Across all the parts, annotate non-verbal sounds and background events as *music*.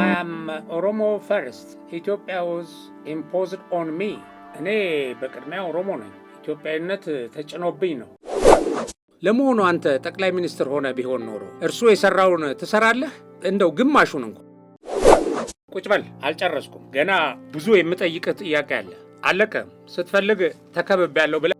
አይ ኦሮሞ ፈርስት ኢትዮጵያ ውዝ ኢምፖዝድ ኦን ሚ። እኔ በቅድሚያ ኦሮሞ ነኝ፣ ኢትዮጵያዊነት ተጭኖብኝ ነው። ለመሆኑ አንተ ጠቅላይ ሚኒስትር ሆነ ቢሆን ኖሮ እርሱ የሰራውን ትሰራለህ? እንደው ግማሹን እንኳ። ቁጭ በል አልጨረስኩም። ገና ብዙ የምጠይቅህ ጥያቄ አለ። አለቀ ስትፈልግ ያለው ብለ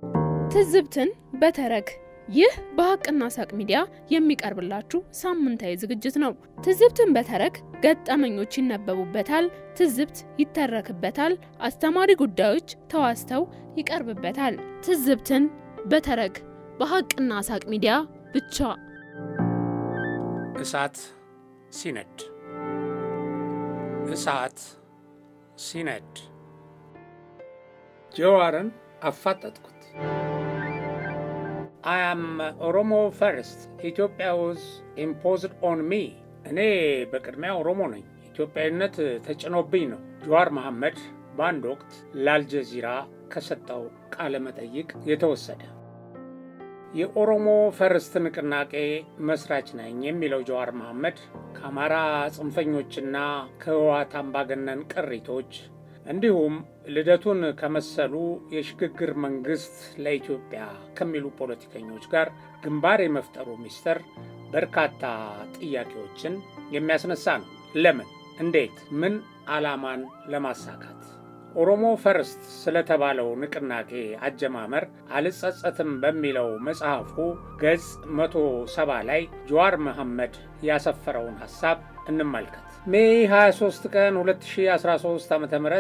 ትዝብትን በተረክ ይህ በሀቅና ሳቅ ሚዲያ የሚቀርብላችሁ ሳምንታዊ ዝግጅት ነው። ትዝብትን በተረክ ገጠመኞች ይነበቡበታል፣ ትዝብት ይተረክበታል፣ አስተማሪ ጉዳዮች ተዋስተው ይቀርብበታል። ትዝብትን በተረክ በሀቅና ሳቅ ሚዲያ ብቻ። እሳት ሲነድ እሳት ሲነድ ጀዋርን አፋጠጥኩት። አይ አም ኦሮሞ ፈርስት ኢትዮጵያ ውዝ ኢምፖዝድ ኦን ሚ። እኔ በቅድሚያ ኦሮሞ ነኝ፣ ኢትዮጵያዊነት ተጭኖብኝ ነው። ጀዋር መሐመድ በአንድ ወቅት ለአልጀዚራ ከሰጠው ቃለ መጠይቅ የተወሰደ የኦሮሞ ፈርስት ንቅናቄ መስራች ነኝ የሚለው ጀዋር መሐመድ ከአማራ ጽንፈኞችና ከህወሓት አምባገነን ቅሪቶች እንዲሁም ልደቱን ከመሰሉ የሽግግር መንግስት ለኢትዮጵያ ከሚሉ ፖለቲከኞች ጋር ግንባር የመፍጠሩ ሚስጥር በርካታ ጥያቄዎችን የሚያስነሳ ነው። ለምን? እንዴት? ምን ዓላማን ለማሳካት? ኦሮሞ ፈርስት ስለተባለው ንቅናቄ አጀማመር አልጸጸትም በሚለው መጽሐፉ ገጽ መቶ ላይ ጀዋር መሐመድ ያሰፈረውን ሐሳብ እንመልከት። ሜይ 23 ቀን 2013 ዓ ም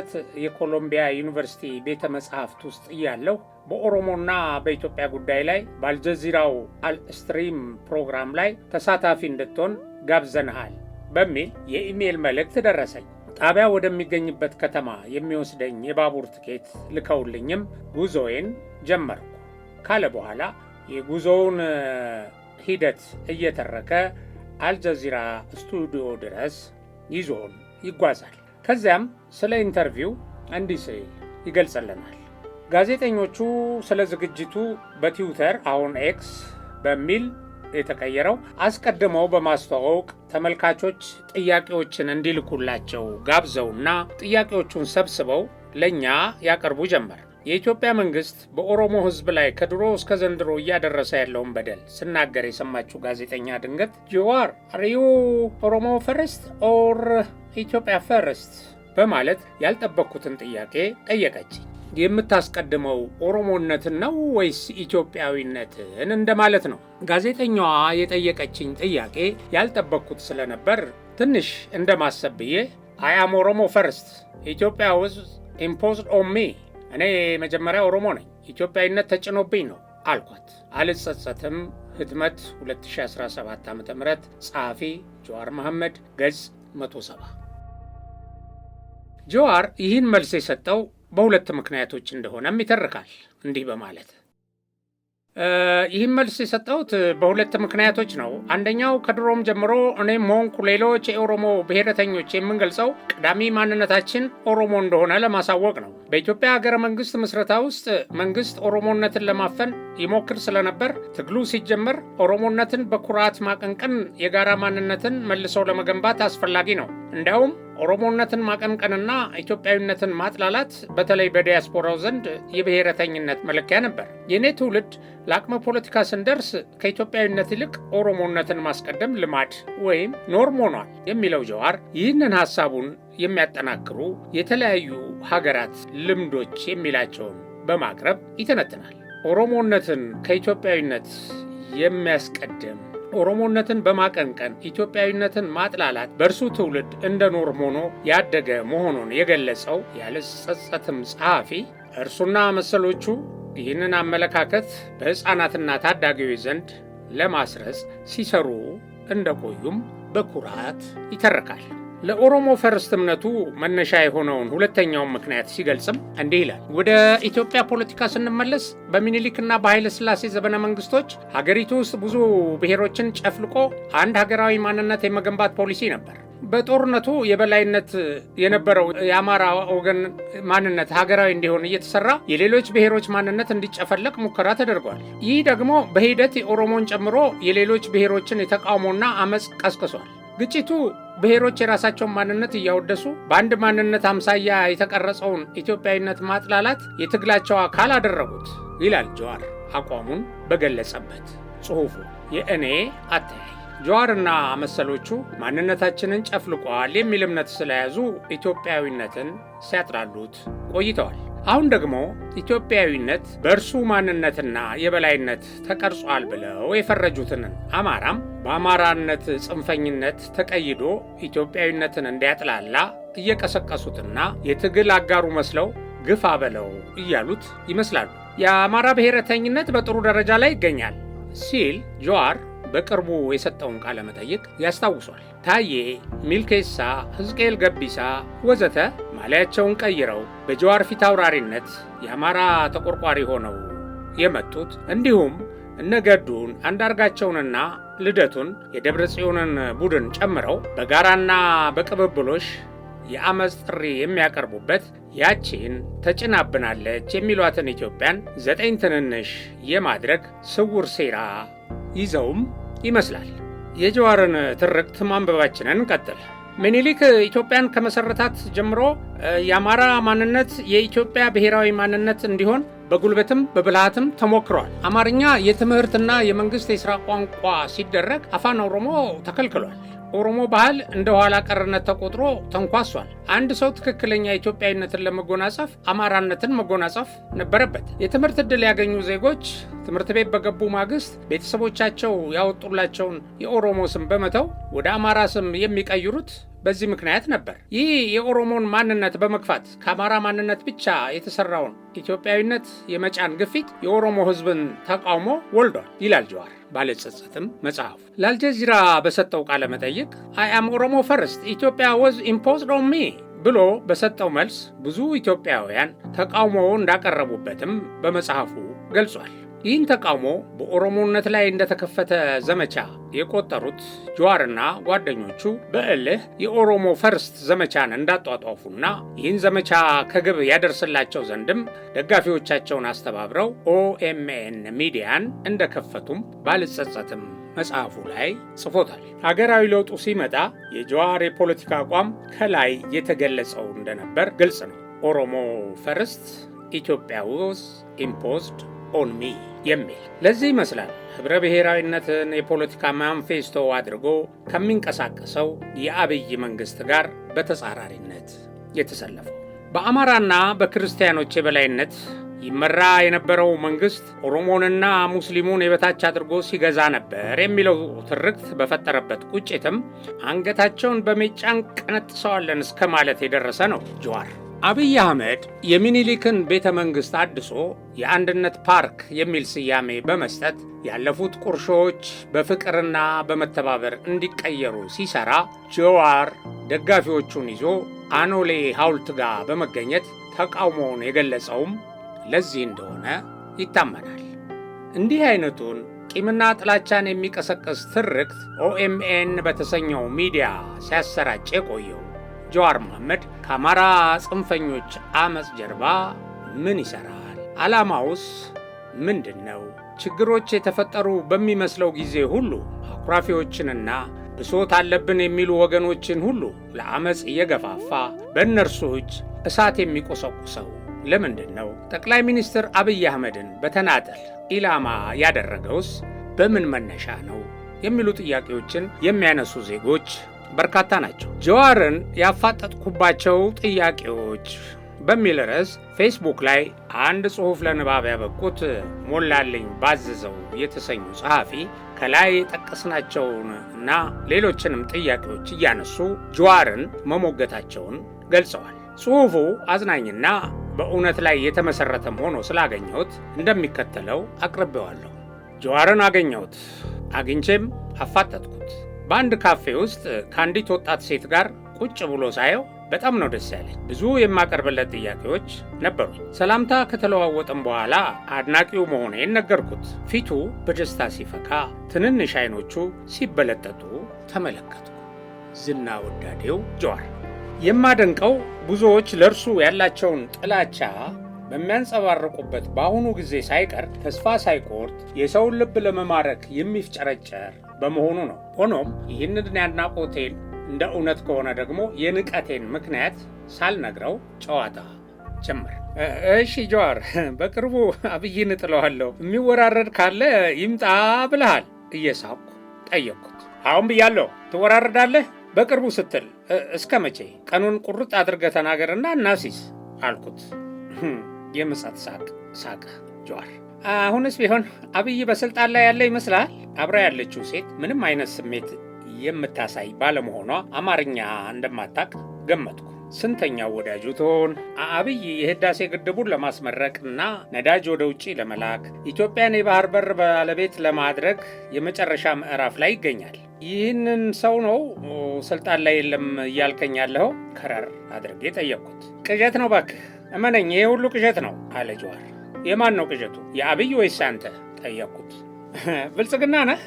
የኮሎምቢያ ዩኒቨርሲቲ ቤተ መጽሐፍት ውስጥ እያለሁ በኦሮሞና በኢትዮጵያ ጉዳይ ላይ በአልጀዚራው አልስትሪም ፕሮግራም ላይ ተሳታፊ እንድትሆን ጋብዘንሃል በሚል የኢሜይል መልእክት ደረሰኝ። ጣቢያ ወደሚገኝበት ከተማ የሚወስደኝ የባቡር ትኬት ልከውልኝም ጉዞዬን ጀመርኩ ካለ በኋላ የጉዞውን ሂደት እየተረከ አልጀዚራ ስቱዲዮ ድረስ ይዞን ይጓዛል። ከዚያም ስለ ኢንተርቪው እንዲህ ሲል ይገልጽልናል። ጋዜጠኞቹ ስለ ዝግጅቱ በትዊተር አሁን ኤክስ በሚል የተቀየረው አስቀድመው በማስተዋወቅ ተመልካቾች ጥያቄዎችን እንዲልኩላቸው ጋብዘውና ጥያቄዎቹን ሰብስበው ለእኛ ያቀርቡ ጀመር። የኢትዮጵያ መንግስት በኦሮሞ ህዝብ ላይ ከድሮ እስከ ዘንድሮ እያደረሰ ያለውን በደል ስናገር የሰማችው ጋዜጠኛ ድንገት ጅዋር አሪዩ ኦሮሞ ፈርስት ኦር ኢትዮጵያ ፈርስት በማለት ያልጠበቅኩትን ጥያቄ ጠየቀች። የምታስቀድመው ኦሮሞነትን ነው ወይስ ኢትዮጵያዊነትን እንደማለት ነው? ጋዜጠኛዋ የጠየቀችኝ ጥያቄ ያልጠበቅኩት ስለነበር ትንሽ እንደማሰብዬ ብዬ አያም ኦሮሞ ፈርስት ኢትዮጵያ ውስጥ ኢምፖዝድ ኦን ሚ እኔ መጀመሪያ ኦሮሞ ነኝ፣ ኢትዮጵያዊነት ተጭኖብኝ ነው አልኳት። አልጸጸትም። ህትመት 2017 ዓ ም ጸሐፊ ጀዋር መሐመድ ገጽ 170። ጀዋር ይህን መልስ የሰጠው በሁለት ምክንያቶች እንደሆነም ይተርካል እንዲህ በማለት ይህም መልስ የሰጠሁት በሁለት ምክንያቶች ነው። አንደኛው ከድሮም ጀምሮ እኔም ሆንኩ ሌሎች የኦሮሞ ብሔረተኞች የምንገልጸው ቀዳሚ ማንነታችን ኦሮሞ እንደሆነ ለማሳወቅ ነው። በኢትዮጵያ ሀገረ መንግስት ምስረታ ውስጥ መንግስት ኦሮሞነትን ለማፈን ይሞክር ስለነበር ትግሉ ሲጀመር ኦሮሞነትን በኩራት ማቀንቀን የጋራ ማንነትን መልሶ ለመገንባት አስፈላጊ ነው። እንዲያውም ኦሮሞነትን ማቀንቀንና ኢትዮጵያዊነትን ማጥላላት በተለይ በዲያስፖራው ዘንድ የብሔረተኝነት መለኪያ ነበር። የእኔ ትውልድ ለአቅመ ፖለቲካ ስንደርስ ከኢትዮጵያዊነት ይልቅ ኦሮሞነትን ማስቀደም ልማድ ወይም ኖርም ሆኗል የሚለው ጀዋር ይህንን ሐሳቡን የሚያጠናክሩ የተለያዩ ሀገራት ልምዶች የሚላቸውን በማቅረብ ይተነትናል። ኦሮሞነትን ከኢትዮጵያዊነት የሚያስቀድም ኦሮሞነትን በማቀንቀን ኢትዮጵያዊነትን ማጥላላት በእርሱ ትውልድ እንደ ኖርም ሆኖ ያደገ መሆኑን የገለጸው ያለ ጸጸትም ጸሐፊ እርሱና መሰሎቹ ይህንን አመለካከት በሕፃናትና ታዳጊዎች ዘንድ ለማስረጽ ሲሰሩ እንደቆዩም በኩራት ይተርካል። ለኦሮሞ ፈርስት እምነቱ መነሻ የሆነውን ሁለተኛውን ምክንያት ሲገልጽም እንዲህ ይላል። ወደ ኢትዮጵያ ፖለቲካ ስንመለስ በሚኒሊክና በኃይለ ስላሴ ዘመነ መንግስቶች ሀገሪቱ ውስጥ ብዙ ብሔሮችን ጨፍልቆ አንድ ሀገራዊ ማንነት የመገንባት ፖሊሲ ነበር። በጦርነቱ የበላይነት የነበረው የአማራ ወገን ማንነት ሀገራዊ እንዲሆን እየተሰራ የሌሎች ብሔሮች ማንነት እንዲጨፈለቅ ሙከራ ተደርጓል። ይህ ደግሞ በሂደት የኦሮሞን ጨምሮ የሌሎች ብሔሮችን የተቃውሞና አመፅ ቀስቅሷል። ግጭቱ ብሔሮች የራሳቸውን ማንነት እያወደሱ በአንድ ማንነት አምሳያ የተቀረጸውን ኢትዮጵያዊነት ማጥላላት የትግላቸው አካል አደረጉት ይላል ጀዋር አቋሙን በገለጸበት ጽሑፉ የእኔ አተያይ ጀዋርና መሰሎቹ ማንነታችንን ጨፍልቋል የሚል እምነት ስለያዙ ኢትዮጵያዊነትን ሲያጥላሉት ቆይተዋል። አሁን ደግሞ ኢትዮጵያዊነት በእርሱ ማንነትና የበላይነት ተቀርጿል ብለው የፈረጁትን አማራም በአማራነት ጽንፈኝነት ተቀይዶ ኢትዮጵያዊነትን እንዲያጥላላ እየቀሰቀሱትና የትግል አጋሩ መስለው ግፋ በለው እያሉት ይመስላሉ። የአማራ ብሔረተኝነት በጥሩ ደረጃ ላይ ይገኛል ሲል ጆዋር በቅርቡ የሰጠውን ቃለ መጠይቅ ያስታውሷል። ታዬ ሚልኬሳ፣ ሕዝቅኤል ገቢሳ ወዘተ ማሊያቸውን ቀይረው በጀዋር ፊት አውራሪነት የአማራ ተቆርቋሪ ሆነው የመጡት እንዲሁም እነ ገዱን አንዳርጋቸውንና ልደቱን የደብረ ጽዮንን ቡድን ጨምረው በጋራና በቅብብሎሽ የአመፅ ጥሪ የሚያቀርቡበት ያቺን ተጭናብናለች የሚሏትን ኢትዮጵያን ዘጠኝ ትንንሽ የማድረግ ስውር ሴራ ይዘውም ይመስላል። የጀዋርን ትርክት ማንበባችንን ቀጥል። ምኒልክ ኢትዮጵያን ከመሰረታት ጀምሮ የአማራ ማንነት የኢትዮጵያ ብሔራዊ ማንነት እንዲሆን በጉልበትም በብልሃትም ተሞክሯል። አማርኛ የትምህርትና የመንግስት የሥራ ቋንቋ ሲደረግ አፋን ኦሮሞ ተከልክሏል። ኦሮሞ ባህል እንደ ኋላ ቀርነት ተቆጥሮ ተንኳሷል። አንድ ሰው ትክክለኛ ኢትዮጵያዊነትን ለመጎናጸፍ አማራነትን መጎናጸፍ ነበረበት። የትምህርት ዕድል ያገኙ ዜጎች ትምህርት ቤት በገቡ ማግስት ቤተሰቦቻቸው ያወጡላቸውን የኦሮሞ ስም በመተው ወደ አማራ ስም የሚቀይሩት በዚህ ምክንያት ነበር። ይህ የኦሮሞን ማንነት በመግፋት ከአማራ ማንነት ብቻ የተሰራውን ኢትዮጵያዊነት የመጫን ግፊት የኦሮሞ ሕዝብን ተቃውሞ ወልዷል ይላል ጀዋር። ባለጸጸትም መጽሐፉ ለአልጀዚራ በሰጠው ቃለ መጠይቅ አያም ኦሮሞ ፈርስት ኢትዮጵያ ወዝ ኢምፖዝድ ኦን ሚ ብሎ በሰጠው መልስ ብዙ ኢትዮጵያውያን ተቃውሞ እንዳቀረቡበትም በመጽሐፉ ገልጿል። ይህን ተቃውሞ በኦሮሞነት ላይ እንደተከፈተ ዘመቻ የቆጠሩት ጀዋርና ጓደኞቹ በእልህ የኦሮሞ ፈርስት ዘመቻን እንዳጧጧፉና ይህን ዘመቻ ከግብ ያደርስላቸው ዘንድም ደጋፊዎቻቸውን አስተባብረው ኦኤምኤን ሚዲያን እንደከፈቱም ባልጸጸትም መጽሐፉ ላይ ጽፎታል። አገራዊ ለውጡ ሲመጣ የጀዋር የፖለቲካ አቋም ከላይ የተገለጸው እንደነበር ግልጽ ነው። ኦሮሞ ፈርስት ኢትዮጵያ ውስ ኢምፖዝድ ኦን ሚ የሚል ለዚህ ይመስላል ኅብረ ብሔራዊነትን የፖለቲካ ማንፌስቶ አድርጎ ከሚንቀሳቀሰው የአብይ መንግሥት ጋር በተጻራሪነት የተሰለፈው። በአማራና በክርስቲያኖች የበላይነት ይመራ የነበረው መንግሥት ኦሮሞንና ሙስሊሙን የበታች አድርጎ ሲገዛ ነበር የሚለው ትርክት በፈጠረበት ቁጭትም አንገታቸውን በሜጫን ቀነጥሰዋለን እስከ ማለት የደረሰ ነው ጀዋር። አብይ አህመድ የሚኒሊክን ቤተ መንግሥት አድሶ የአንድነት ፓርክ የሚል ስያሜ በመስጠት ያለፉት ቁርሾዎች በፍቅርና በመተባበር እንዲቀየሩ ሲሰራ፣ ጀዋር ደጋፊዎቹን ይዞ አኖሌ ሐውልት ጋር በመገኘት ተቃውሞውን የገለጸውም ለዚህ እንደሆነ ይታመናል። እንዲህ አይነቱን ቂምና ጥላቻን የሚቀሰቅስ ትርክት ኦኤምኤን በተሰኘው ሚዲያ ሲያሰራጭ የቆየው ጀዋር መሐመድ ከአማራ ጽንፈኞች አመፅ ጀርባ ምን ይሠራል? ዓላማውስ ምንድን ነው? ችግሮች የተፈጠሩ በሚመስለው ጊዜ ሁሉ አኩራፊዎችንና ብሶት አለብን የሚሉ ወገኖችን ሁሉ ለአመፅ እየገፋፋ በእነርሱ እጅ እሳት የሚቆሰቁሰው ለምንድን ነው? ጠቅላይ ሚኒስትር አብይ አህመድን በተናጠል ኢላማ ያደረገውስ በምን መነሻ ነው? የሚሉ ጥያቄዎችን የሚያነሱ ዜጎች በርካታ ናቸው። ጀዋርን ያፋጠጥኩባቸው ጥያቄዎች በሚል ርዕስ ፌስቡክ ላይ አንድ ጽሑፍ ለንባብ ያበቁት ሞላልኝ ባዘዘው የተሰኙ ጸሐፊ ከላይ የጠቀስናቸውን እና ሌሎችንም ጥያቄዎች እያነሱ ጀዋርን መሞገታቸውን ገልጸዋል። ጽሑፉ አዝናኝና በእውነት ላይ የተመሠረተም ሆኖ ስላገኘሁት እንደሚከተለው አቅርቤዋለሁ። ጀዋርን አገኘሁት፣ አግኝቼም አፋጠጥኩት። በአንድ ካፌ ውስጥ ከአንዲት ወጣት ሴት ጋር ቁጭ ብሎ ሳየው በጣም ነው ደስ ያለኝ። ብዙ የማቀርብለት ጥያቄዎች ነበሩ። ሰላምታ ከተለዋወጥን በኋላ አድናቂው መሆኔን ነገርኩት። ፊቱ በደስታ ሲፈካ፣ ትንንሽ አይኖቹ ሲበለጠጡ ተመለከቱ። ዝና ወዳዴው ጀዋር የማደንቀው ብዙዎች ለእርሱ ያላቸውን ጥላቻ በሚያንጸባርቁበት በአሁኑ ጊዜ ሳይቀር ተስፋ ሳይቆርጥ የሰውን ልብ ለመማረክ የሚፍጨረጨር በመሆኑ ነው። ሆኖም ይህንን ያድናቆቴን እንደ እውነት ከሆነ ደግሞ የንቀቴን ምክንያት ሳልነግረው ጨዋታ ጀምር እሺ ጀዋር፣ በቅርቡ አብይን እጥለዋለሁ የሚወራረድ ካለ ይምጣ ብለሃል። እየሳኩ ጠየቅኩት። አሁን ብያለሁ ትወራረዳለህ በቅርቡ ስትል እስከ መቼ? ቀኑን ቁርጥ አድርገህ ተናገርና እናሲስ አልኩት። የምጸት ሳቅህ ጀዋር። አሁንስ ቢሆን አብይ በስልጣን ላይ ያለ ይመስላል። አብራ ያለችው ሴት ምንም አይነት ስሜት የምታሳይ ባለመሆኗ አማርኛ እንደማታቅ ገመትኩ። ስንተኛው ወዳጁ ትሆን? አብይ የህዳሴ ግድቡን ለማስመረቅና ነዳጅ ወደ ውጭ ለመላክ ኢትዮጵያን የባህር በር ባለቤት ለማድረግ የመጨረሻ ምዕራፍ ላይ ይገኛል። ይህንን ሰው ነው ስልጣን ላይ የለም እያልከኝ ያለኸው? ከረር አድርጌ ጠየቅኩት። ቅዠት ነው ባክህ እመነኝ፣ ይሄ ሁሉ ቅዠት ነው አለ ጀዋር። የማን ነው ቅዠቱ? የአብይ ወይስ አንተ? ጠየቅኩት። *laughs* ብልጽግና ነህ?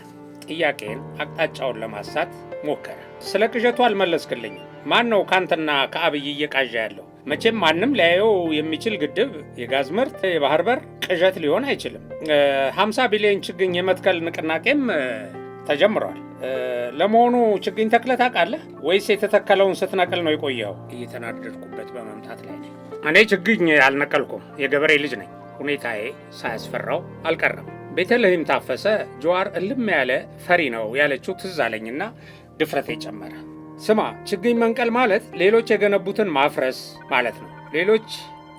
ጥያቄን አቅጣጫውን ለማሳት ሞከረ። ስለ ቅዠቱ አልመለስክልኝም። ማን ነው ካንተና ከአብይ እየቃዣ ያለው? መቼም ማንም ሊያየው የሚችል ግድብ፣ የጋዝ ምርት፣ የባህር በር ቅዠት ሊሆን አይችልም። ሀምሳ ቢሊዮን ችግኝ የመትከል ንቅናቄም ተጀምሯል። ለመሆኑ ችግኝ ተክለህ ታውቃለህ ወይስ የተተከለውን ስትነቅል ነው የቆየው? እየተናደድኩበት በመምጣት ላይ እኔ ችግኝ አልነቀልኩም፣ የገበሬ ልጅ ነኝ። ሁኔታዬ ሳያስፈራው አልቀረም። ቤተልሔም ታፈሰ ጀዋር እልም ያለ ፈሪ ነው ያለችው ትዝ አለኝና ድፍረቴ ጨመረ። ስማ ችግኝ መንቀል ማለት ሌሎች የገነቡትን ማፍረስ ማለት ነው። ሌሎች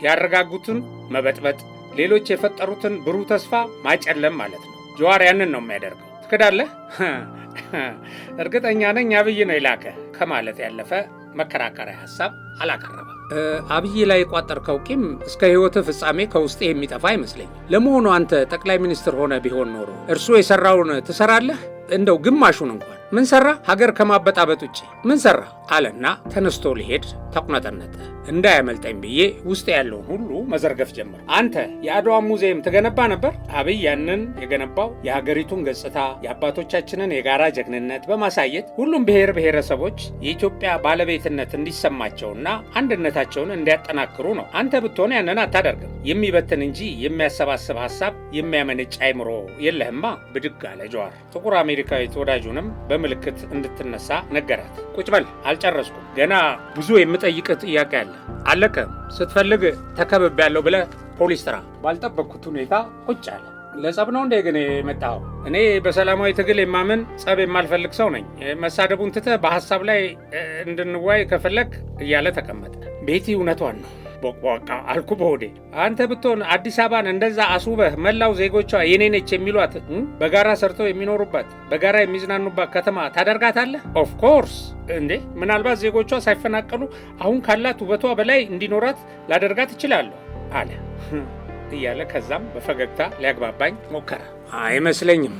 ያረጋጉትን መበጥበጥ፣ ሌሎች የፈጠሩትን ብሩህ ተስፋ ማጨለም ማለት ነው። ጀዋር ያንን ነው የሚያደርገው። ትክዳለህ? እርግጠኛ ነኝ አብይ ነው የላከ ከማለት ያለፈ መከራከሪያ ሀሳብ አላቀረበም። አብይ ላይ የቋጠርከው ቂም እስከ ህይወት ፍጻሜ ከውስጤ የሚጠፋ አይመስለኝም። ለመሆኑ አንተ ጠቅላይ ሚኒስትር ሆነ ቢሆን ኖሮ እርሱ የሰራውን ትሰራለህ? እንደው ግማሹን እንኳን ምን ሰራ? ሀገር ከማበጣበጥ ውጭ ምን ሰራ? አለና ተነስቶ ሊሄድ ተቁነጠነጠ። እንዳያመልጠኝ ብዬ ውስጥ ያለውን ሁሉ መዘርገፍ ጀመር። አንተ የአድዋ ሙዚየም ትገነባ ነበር? አብይ ያንን የገነባው የሀገሪቱን ገጽታ የአባቶቻችንን የጋራ ጀግንነት በማሳየት ሁሉም ብሔር ብሔረሰቦች የኢትዮጵያ ባለቤትነት እንዲሰማቸውና አንድነታቸውን እንዲያጠናክሩ ነው። አንተ ብትሆን ያንን አታደርግም። የሚበትን እንጂ የሚያሰባስብ ሀሳብ የሚያመነጭ አይምሮ የለህማ። ብድግ አለ ጀዋር። ጥቁር አሜሪካዊት ወዳጁንም በምልክት እንድትነሳ ነገራት። ቁጭ በል አልጨረስኩም፣ ገና ብዙ የምጠይቅህ ጥያቄ አለ። አለቀ ስትፈልግ ተከብብ ያለው ብለ ፖሊስ ስራ። ባልጠበቅኩት ሁኔታ ቁጭ አለ። ለጸብ ነው እንዴ ግን የመጣኸው? እኔ በሰላማዊ ትግል የማምን ጸብ የማልፈልግ ሰው ነኝ። መሳደቡን ትተህ በሀሳብ ላይ እንድንዋይ ከፈለግ እያለ ተቀመጠ። ቤቲ እውነቷን ነው ቦቅቧቃ አልኩ በሆዴ። አንተ ብትሆን አዲስ አበባን እንደዛ አስውበህ መላው ዜጎቿ የኔ ነች የሚሏት በጋራ ሰርተው የሚኖሩባት በጋራ የሚዝናኑባት ከተማ ታደርጋታለህ? ኦፍኮርስ እንዴ! ምናልባት ዜጎቿ ሳይፈናቀሉ አሁን ካላት ውበቷ በላይ እንዲኖራት ላደርጋት እችላለሁ አለ እያለ ከዛም በፈገግታ ሊያግባባኝ ሞከረ። አይመስለኝም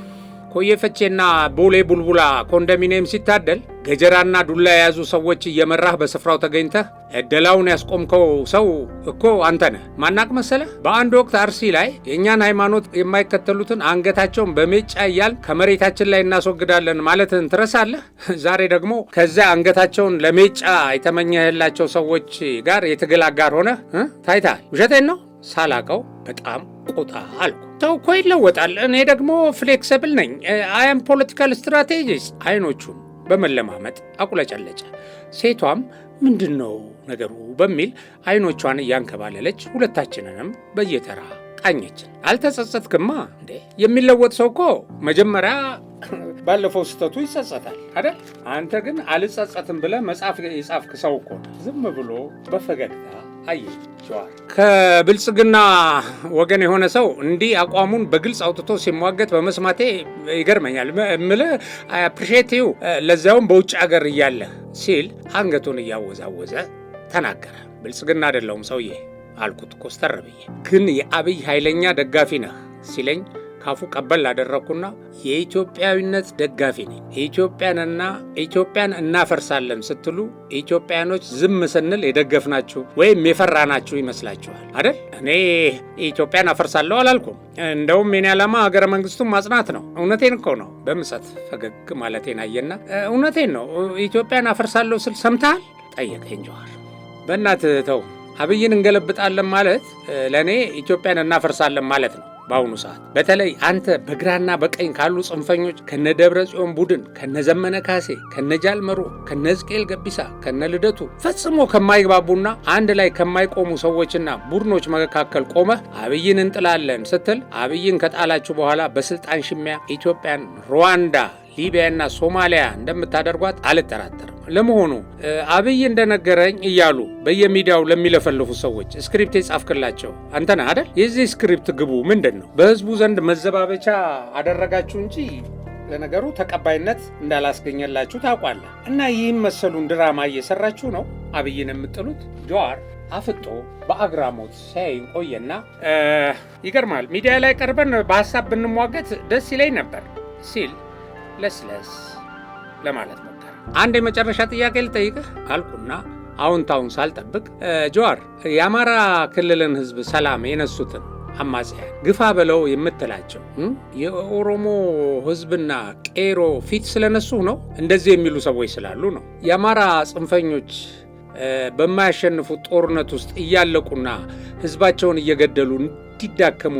ኮየፈቼና ቦሌ ቡልቡላ ኮንዶሚኒየም ሲታደል ገጀራና ዱላ የያዙ ሰዎች እየመራህ በስፍራው ተገኝተህ እደላውን ያስቆምከው ሰው እኮ አንተነ ማናቅ መሰለህ? በአንድ ወቅት አርሲ ላይ የእኛን ሃይማኖት የማይከተሉትን አንገታቸውን በሜጫ እያል ከመሬታችን ላይ እናስወግዳለን ማለትን ትረሳለህ? ዛሬ ደግሞ ከዚያ አንገታቸውን ለሜጫ የተመኘህላቸው ሰዎች ጋር የትግል አጋር ሆነህ ታይታል። ውሸቴን ነው ሳላቀው በጣም ቆጣ አልኩ። ተው እኮ ይለወጣል። እኔ ደግሞ ፍሌክሰብል ነኝ። አያም ፖለቲካል ስትራቴጂስት። አይኖቹን በመለማመጥ አቁለጨለጨ። ሴቷም ምንድን ነው ነገሩ በሚል አይኖቿን እያንከባለለች ሁለታችንንም በየተራ ቃኘችን። አልተጸጸትክማ እንዴ? የሚለወጥ ሰው እኮ መጀመሪያ *clears throat* ባለፈው ስህተቱ ይጸጸታል አይደል? አንተ ግን አልጸጸትም ብለህ መጽሐፍ የጻፍክ ሰው እኮ ዝም ብሎ በፈገግታ ከብልጽግና ወገን የሆነ ሰው እንዲህ አቋሙን በግልጽ አውጥቶ ሲሟገት በመስማቴ ይገርመኛል። ምልህ አፕሪሼቲቭ ለዚያውም በውጭ ሀገር እያለ ሲል አንገቱን እያወዛወዘ ተናገረ። ብልጽግና አይደለውም ሰውዬ አልኩት ኮስተር ብዬ። ግን የአብይ ኃይለኛ ደጋፊ ነህ ሲለኝ ካፉ ቀበል ላደረግኩና የኢትዮጵያዊነት ደጋፊ ነኝ፣ ኢትዮጵያንና ኢትዮጵያን እናፈርሳለን ስትሉ ኢትዮጵያኖች ዝም ስንል የደገፍናችሁ ወይም የፈራናችሁ ይመስላችኋል አደል? እኔ ኢትዮጵያን አፈርሳለሁ አላልኩም። እንደውም የኔ ዓላማ ሀገረ መንግስቱን ማጽናት ነው። እውነቴን እኮ ነው። በምሰት ፈገግ ማለቴን አየና እውነቴን ነው ኢትዮጵያን አፈርሳለሁ ስል ሰምተሃል? ጠየቀኝ ጀዋር። በእናትህ ተው አብይን እንገለብጣለን ማለት ለእኔ ኢትዮጵያን እናፈርሳለን ማለት ነው። በአሁኑ ሰዓት በተለይ አንተ በግራና በቀኝ ካሉ ጽንፈኞች ከነ ደብረ ጽዮን ቡድን ከነ ዘመነ ካሴ ከነ ጃልመሮ ከነ ዝቅኤል ገቢሳ ከነ ልደቱ ፈጽሞ ከማይግባቡና አንድ ላይ ከማይቆሙ ሰዎችና ቡድኖች መካከል ቆመህ አብይን እንጥላለን ስትል አብይን ከጣላችሁ በኋላ በስልጣን ሽሚያ ኢትዮጵያን ሩዋንዳ ሊቢያና ሶማሊያ እንደምታደርጓት አልጠራጠርም። ለመሆኑ አብይ እንደነገረኝ እያሉ በየሚዲያው ለሚለፈልፉ ሰዎች ስክሪፕት የጻፍክላቸው አንተና አደል? የዚህ ስክሪፕት ግቡ ምንድን ነው? በህዝቡ ዘንድ መዘባበቻ አደረጋችሁ እንጂ ለነገሩ ተቀባይነት እንዳላስገኘላችሁ ታውቋለህ። እና ይህም መሰሉን ድራማ እየሰራችሁ ነው አብይን የምጥሉት ጀዋር አፍጦ በአግራሞት ሲያይን ቆየና፣ ይገርማል ሚዲያ ላይ ቀርበን በሀሳብ ብንሟገት ደስ ይለኝ ነበር ሲል ለስለስ ለማለት ነው። አንድ የመጨረሻ ጥያቄ ልጠይቅህ አልኩና አዎንታውን ሳልጠብቅ ጀዋር፣ የአማራ ክልልን ህዝብ ሰላም የነሱትን አማጽያ ግፋ በለው የምትላቸው የኦሮሞ ህዝብና ቄሮ ፊት ስለነሱ ነው እንደዚህ የሚሉ ሰዎች ስላሉ ነው። የአማራ ጽንፈኞች በማያሸንፉት ጦርነት ውስጥ እያለቁና ህዝባቸውን እየገደሉ እንዲዳከሙ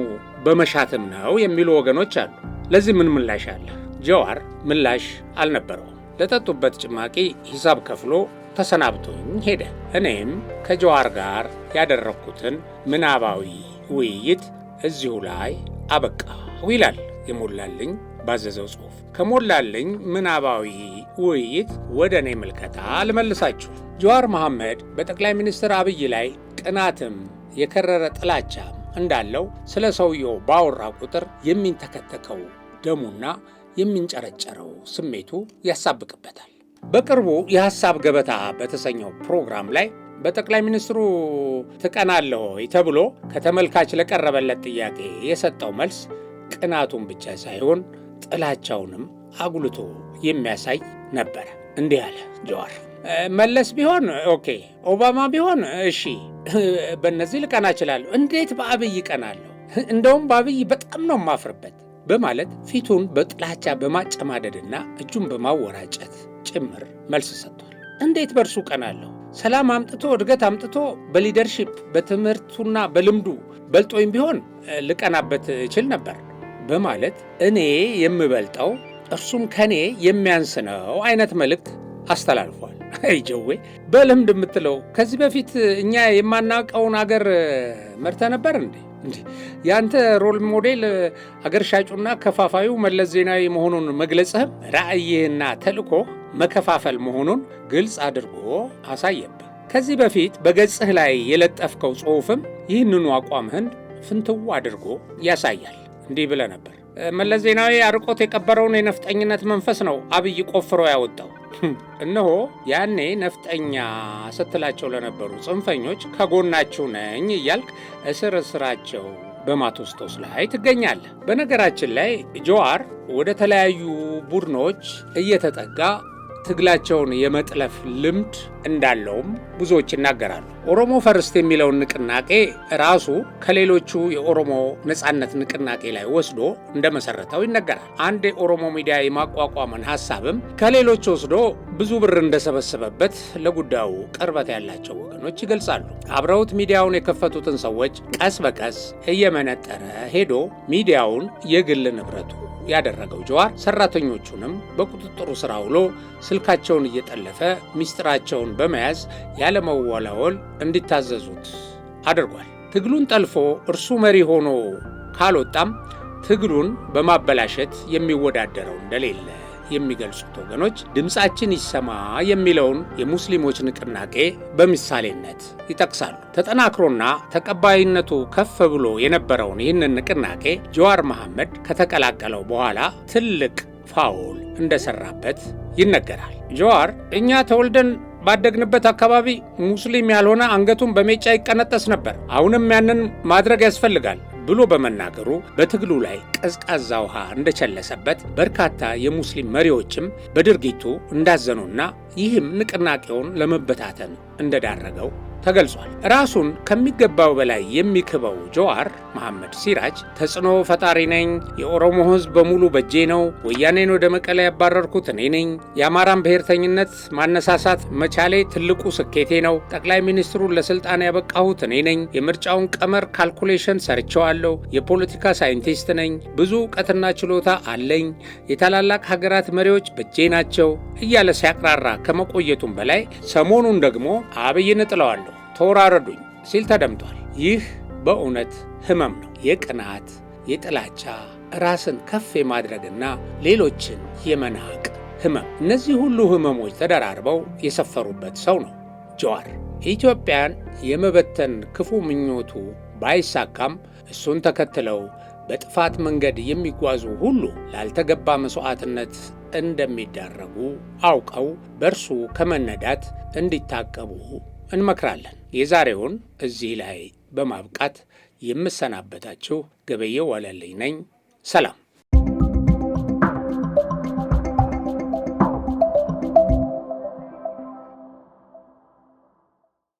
በመሻትም ነው የሚሉ ወገኖች አሉ። ለዚህ ምን ምላሽ አለ? ጀዋር ምላሽ አልነበረውም። ለጠጡበት ጭማቂ ሂሳብ ከፍሎ ተሰናብቶኝ ሄደ። እኔም ከጀዋር ጋር ያደረግኩትን ምናባዊ ውይይት እዚሁ ላይ አበቃሁ ይላል የሞላልኝ ባዘዘው ጽሑፍ። ከሞላልኝ ምናባዊ ውይይት ወደ እኔ ምልከታ ልመልሳችሁ። ጀዋር መሐመድ በጠቅላይ ሚኒስትር አብይ ላይ ቅናትም የከረረ ጥላቻም እንዳለው ስለ ሰውየው ባወራ ቁጥር የሚንተከተከው ደሙና የሚንጨረጨረው ስሜቱ ያሳብቅበታል። በቅርቡ የሐሳብ ገበታ በተሰኘው ፕሮግራም ላይ በጠቅላይ ሚኒስትሩ ትቀናለህ ወይ ተብሎ ከተመልካች ለቀረበለት ጥያቄ የሰጠው መልስ ቅናቱን ብቻ ሳይሆን ጥላቻውንም አጉልቶ የሚያሳይ ነበረ። እንዲህ አለ ጀዋር። መለስ ቢሆን ኦኬ፣ ኦባማ ቢሆን እሺ፣ በእነዚህ ልቀና እችላለሁ። እንዴት በአብይ እቀናለሁ? እንደውም በአብይ በጣም ነው የማፍርበት። በማለት ፊቱን በጥላቻ በማጨማደድና እጁን በማወራጨት ጭምር መልስ ሰጥቷል። እንዴት በእርሱ ቀናለሁ? ሰላም አምጥቶ እድገት አምጥቶ በሊደርሺፕ በትምህርቱና በልምዱ በልጦኝ ቢሆን ልቀናበት ይችል ነበር በማለት እኔ የምበልጠው እርሱም ከኔ የሚያንስ ነው አይነት መልእክት አስተላልፏል። ጀዌ፣ በልምድ የምትለው ከዚህ በፊት እኛ የማናውቀውን አገር መርተ ነበር እንዴ? ያንተ ሮል ሞዴል አገር ሻጩና ከፋፋዩ መለስ ዜናዊ መሆኑን መግለጽህም ራዕይህና ተልእኮ መከፋፈል መሆኑን ግልጽ አድርጎ አሳየብህ። ከዚህ በፊት በገጽህ ላይ የለጠፍከው ጽሑፍም ይህንኑ አቋምህን ፍንትው አድርጎ ያሳያል። እንዲህ ብለህ ነበር። መለስ ዜናዊ አርቆት የቀበረውን የነፍጠኝነት መንፈስ ነው አብይ ቆፍሮ ያወጣው እነሆ ያኔ ነፍጠኛ ስትላቸው ለነበሩ ጽንፈኞች ከጎናችሁ ነኝ እያልክ እስር እስራቸው በማቶስቶስ ላይ ትገኛለህ። በነገራችን ላይ ጆዋር ወደ ተለያዩ ቡድኖች እየተጠጋ ትግላቸውን የመጥለፍ ልምድ እንዳለውም ብዙዎች ይናገራሉ። ኦሮሞ ፈርስት የሚለውን ንቅናቄ ራሱ ከሌሎቹ የኦሮሞ ነጻነት ንቅናቄ ላይ ወስዶ እንደመሰረተው ይነገራል። አንድ የኦሮሞ ሚዲያ የማቋቋምን ሀሳብም ከሌሎች ወስዶ ብዙ ብር እንደሰበሰበበት ለጉዳዩ ቅርበት ያላቸው ወገኖች ይገልጻሉ። አብረውት ሚዲያውን የከፈቱትን ሰዎች ቀስ በቀስ እየመነጠረ ሄዶ ሚዲያውን የግል ንብረቱ ያደረገው ጀዋር ሰራተኞቹንም በቁጥጥሩ ስራ ውሎ ስልካቸውን እየጠለፈ ሚስጥራቸውን ኃላፊነታቸውን በመያዝ ያለመወላወል እንዲታዘዙት አድርጓል። ትግሉን ጠልፎ እርሱ መሪ ሆኖ ካልወጣም ትግሉን በማበላሸት የሚወዳደረው እንደሌለ የሚገልጹት ወገኖች ድምፃችን ይሰማ የሚለውን የሙስሊሞች ንቅናቄ በምሳሌነት ይጠቅሳሉ። ተጠናክሮና ተቀባይነቱ ከፍ ብሎ የነበረውን ይህንን ንቅናቄ ጀዋር መሐመድ ከተቀላቀለው በኋላ ትልቅ ፋውል እንደሰራበት ይነገራል። ጀዋር እኛ ተወልደን ባደግንበት አካባቢ ሙስሊም ያልሆነ አንገቱን በሜጫ ይቀነጠስ ነበር። አሁንም ያንን ማድረግ ያስፈልጋል ብሎ በመናገሩ በትግሉ ላይ ቀዝቃዛ ውሃ እንደቸለሰበት በርካታ የሙስሊም መሪዎችም በድርጊቱ እንዳዘኑና ይህም ንቅናቄውን ለመበታተን እንደዳረገው ተገልጿል። ራሱን ከሚገባው በላይ የሚክበው ጀዋር መሐመድ ሲራጅ ተጽዕኖ ፈጣሪ ነኝ፣ የኦሮሞ ሕዝብ በሙሉ በጄ ነው፣ ወያኔን ወደ መቀለ ያባረርኩት እኔ ነኝ፣ የአማራን ብሔርተኝነት ማነሳሳት መቻሌ ትልቁ ስኬቴ ነው፣ ጠቅላይ ሚኒስትሩን ለስልጣን ያበቃሁት እኔ ነኝ፣ የምርጫውን ቀመር ካልኩሌሽን ሰርቸዋለሁ፣ የፖለቲካ ሳይንቲስት ነኝ፣ ብዙ እውቀትና ችሎታ አለኝ፣ የታላላቅ ሀገራት መሪዎች በጄ ናቸው እያለ ሲያቅራራ ከመቆየቱም በላይ ሰሞኑን ደግሞ አብይን እጥለዋለሁ ተወራረዱኝ ሲል ተደምጧል። ይህ በእውነት ህመም ነው። የቅናት የጥላቻ ራስን ከፍ የማድረግና ሌሎችን የመናቅ ህመም። እነዚህ ሁሉ ህመሞች ተደራርበው የሰፈሩበት ሰው ነው ጀዋር። ኢትዮጵያን የመበተን ክፉ ምኞቱ ባይሳካም እሱን ተከትለው በጥፋት መንገድ የሚጓዙ ሁሉ ላልተገባ መሥዋዕትነት እንደሚዳረጉ አውቀው በእርሱ ከመነዳት እንዲታቀቡ እንመክራለን። የዛሬውን እዚህ ላይ በማብቃት የምሰናበታችሁ ገበየው ዋለልኝ ነኝ። ሰላም።